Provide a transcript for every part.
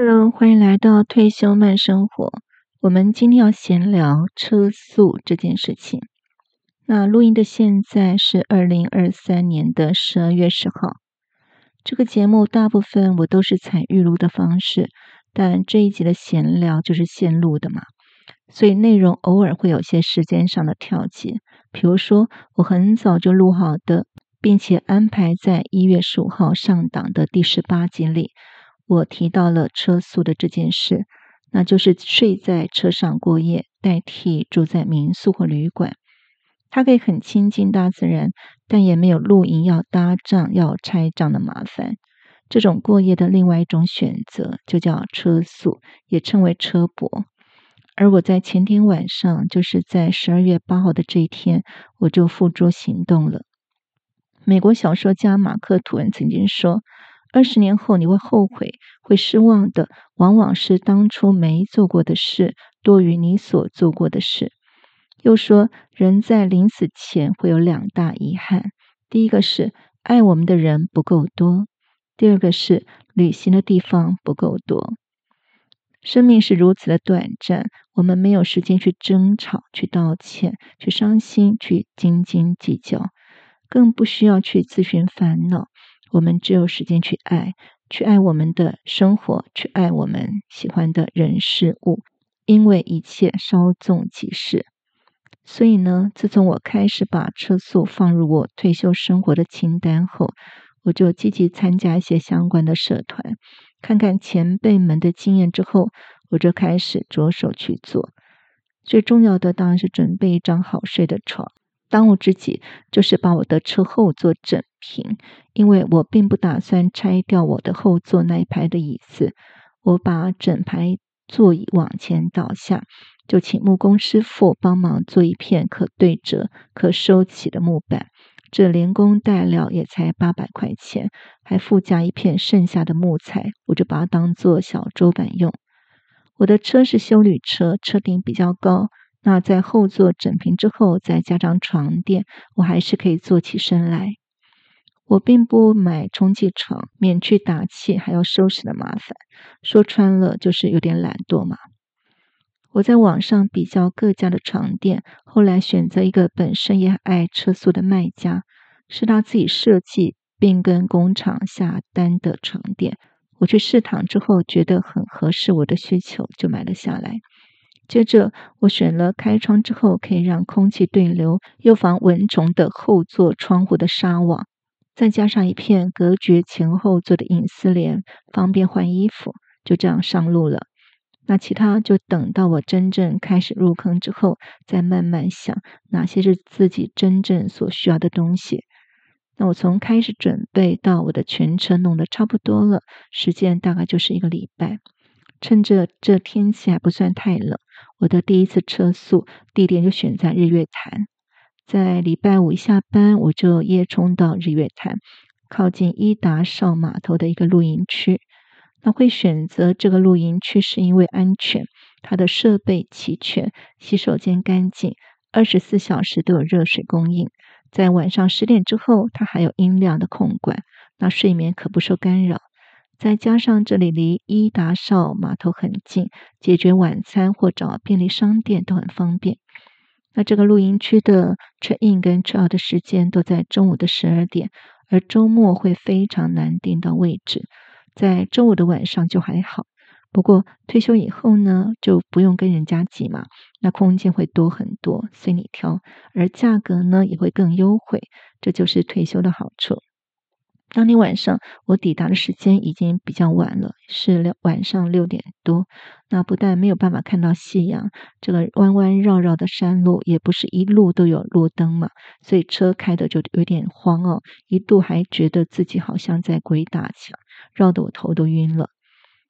Hello，歡迎來到退休慢生活。我們今天要閒聊車速這件事情。那錄音的現在是二零二三年的十二月十號。這個節目大部分我都是採預錄的方式，但這一集的閒聊就是現錄的嘛，所以內容偶爾會有些時間上的跳接。比如說，我很早就錄好的，並且安排在一月十五號上檔的第十八集裡。我提到了車宿的這件事，那就是睡在車上過夜，代替住在民宿或旅館。他可以很親近大自然，但也沒有露營要搭帳要拆帳的麻煩。這種過夜的另外一種選擇，就叫車宿，也稱為車泊。而我在前天晚上，就是在十二月八號的這一天，我就付諸行動了。美國小說家馬克·吐溫曾經說。二十年後，你會後悔、會失望的，往往是當初沒做過的事，多於你所做過的事。又說，人在臨死前會有兩大遺憾：第一個是愛我們的人不夠多，第二個是旅行的地方不夠多。生命是如此的短暫，我們沒有時間去爭吵、去道歉、去傷心、去斤斤計較，更不需要去自尋煩惱。我們只有時間去愛，去愛我們的生活，去愛我們喜歡的人事物，因為一切稍縱即逝。所以呢，自從我開始把車宿放入我退休生活的清單後，我就積極參加一些相關的社團，看看前輩們的經驗之後，我就開始着手去做。最重要的當然是準備一張好睡的床。當務之急就是把我的車後座整平，因為我並不打算拆掉我的後座那一排的椅子。我把整排座椅往前倒下，就請木工師傅幫忙做一片可對折、可收起的木板。這連工帶料也才八百塊錢，還附加一片剩下的木材，我就把它當做小桌板用。我的車是休旅車，車頂比較高。那在後座整平之後，再加張床墊，我還是可以坐起身來。我並不買充氣床，免去打氣還要收拾的麻煩。說穿了，就是有點懶惰嘛。我在網上比較各家的床墊，後來選擇一個本身也愛車宿的賣家，是他自己設計並跟工廠下單的床墊。我去試躺之後，覺得很合適我的需求，就買了下來。接着我選了開窗之後可以讓空氣對流又防蚊蟲的後座窗戶的紗網，再加上一片隔絕前後座的隱私簾，方便換衣服，就這樣上路了。那其他就等到我真正開始入坑之後再慢慢想哪些是自己真正所需要的東西。那我從開始準備到我的全車弄得差不多了，時間大概就是一個禮拜，趁着這天氣還不算太冷。我的第一次車宿地點就選在日月潭，在禮拜五一下班我就夜衝到日月潭，靠近伊達邵碼頭的一個露營區。那會選擇這個露營區是因為安全，它的設備齊全，洗手間乾淨，二十四小時都有熱水供應，在晚上十點之後它還有音量的控管，那睡眠可不受干擾。再加上這裡離伊達邵碼頭很近，解決晚餐或找便利商店都很方便。那這個露營區的 check in 跟 check out 的時間都在中午的十二點，而週末會非常難訂到位置，在週五的晚上就還好。不過退休以後呢，就不用跟人家擠嘛，那空間會多很多，隨你挑，而價格呢也會更優惠，這就是退休的好處。當天晚上，我抵達的時間已經比較晚了，是六，晚上六點多。那不但沒有辦法看到夕陽，這個彎彎繞繞的山路也不是一路都有路燈嘛，所以車開的就有點慌哦。一度還覺得自己好像在鬼打牆，繞得我頭都暈了。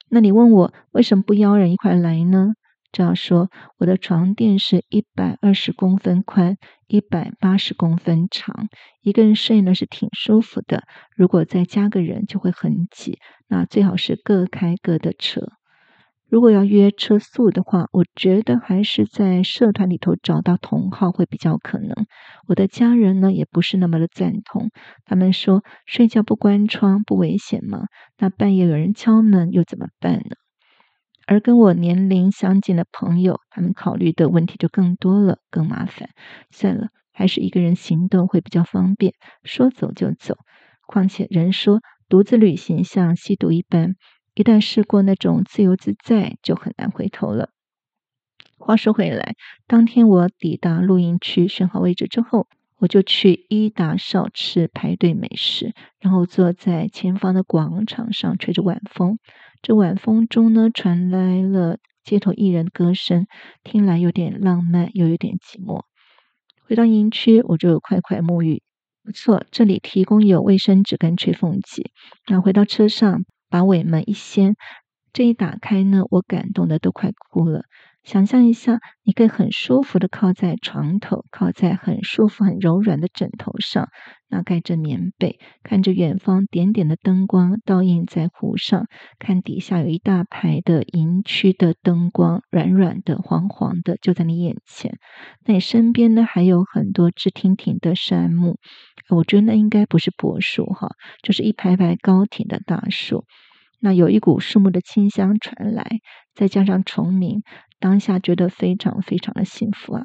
那你問我為什麼不邀人一塊來呢？這樣說，我的床墊是一百二十公分寬，一百八十公分長，一個人睡呢是挺舒服的。如果再加個人就會很擠，那最好是各開各的車。如果要約車宿的話，我覺得還是在社團裡頭找到同號會比較可能。我的家人呢也不是那麼的贊同，他們說睡覺不關窗不危險嗎？那半夜有人敲門又怎麼辦呢？而跟我年齡相近的朋友，他們考慮的問題就更多了，更麻煩。算了，還是一個人行動會比較方便，說走就走。況且人說，獨自旅行像吸毒一般，一旦試過那種自由自在，就很難回頭了。話說回來，當天我抵達露營區，選好位置之後，我就去伊達邵吃排隊美食，然後坐在前方的廣場上吹着晚風。這晚風中呢，傳來了街頭藝人的歌聲，聽來有點浪漫，又有點寂寞。回到營區，我就快快沐浴。不錯，這裡提供有衛生紙跟吹風機。那回到車上，把尾門一掀，這一打開呢，我感動的都快哭了。想象一下，你可以很舒服地靠在床頭，靠在很舒服、很柔軟的枕頭上，那蓋着棉被，看着遠方點點的燈光倒映在湖上，看底下有一大排的營區的燈光，軟軟的、黃黃的，就在你眼前。那你身邊呢，還有很多直挺挺的杉木，我覺得那應該不是柏樹哈，就是一排排高挺的大樹。那有一股樹木的清香傳來，再加上蟲鳴。當下覺得非常非常的幸福啊！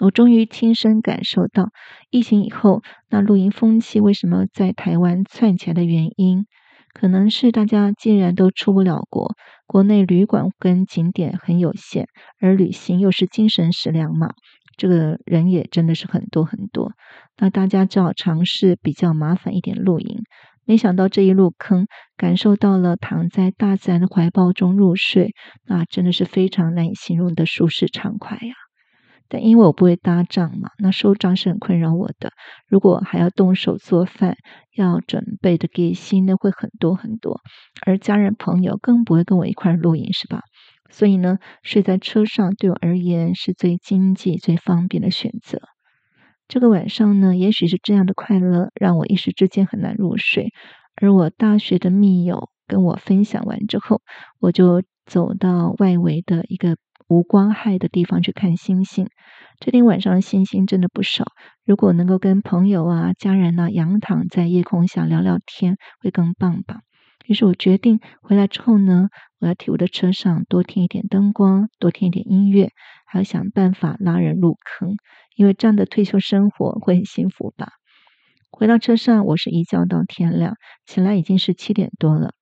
我終於親身感受到疫情以後那露營風氣為什麼在台灣竄起來的原因，可能是大家既然都出不了國，國內旅館跟景點很有限，而旅行又是精神食糧嘛，這個人也真的是很多很多，那大家只好嘗試比較麻煩一點露營。沒想到這一路坑，感受到了躺在大自然的懷抱中入睡，那真的是非常難以形容的舒適暢快呀！但因為我不會搭帳嘛，那收帳是很困擾我的。如果還要動手做飯，要準備的給心的會很多很多，而家人朋友更不會跟我一塊露營，是吧？所以呢，睡在車上對我而言是最經濟、最方便的選擇。這個晚上呢，也許是這樣的快樂，讓我一時之間很難入睡。而我大學的密友跟我分享完之後，我就走到外圍的一個無光害的地方去看星星。這天晚上的星星真的不少，如果能夠跟朋友啊、家人吶仰躺在夜空下聊聊天，會更棒棒。於是我決定回來之後呢，我要替我的車上多添一點燈光，多添一點音樂，還要想辦法拉人入坑，因為這樣的退休生活會很幸福吧。回到車上，我是一覺到天亮，起來已經是七點多了。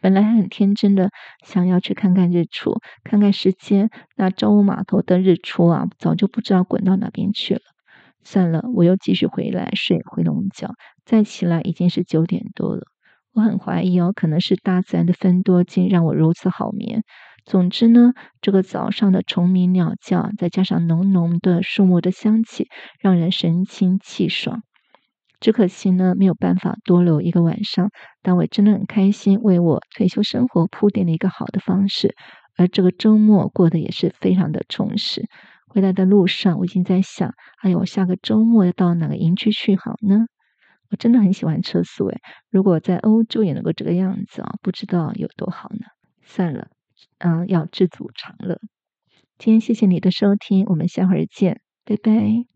本來還很天真的想要去看看日出，看看時間。那朝霧碼頭的日出啊，早就不知道滾到哪邊去了。算了，我又繼續回來睡回籠覺，再起來已經是九點多了。我很懷疑哦，可能是大自然的芬多精讓我如此好眠。總之呢，這個早上的蟲鳴鳥叫，再加上濃濃的樹木的香氣，讓人神清氣爽。只可惜呢，沒有辦法多留一個晚上。但我真的很開心，為我退休生活鋪墊了一個好的方式。而這個周末過得也是非常的充實。回來的路上，我已經在想，哎喲，我下個周末要到哪個營區去好呢？我真的很喜歡車宿哎！如果在歐洲也能夠這個樣子啊、哦，不知道有多好呢。算了，嗯，要知足常樂。今天謝謝你的收聽，我們下回見，拜拜。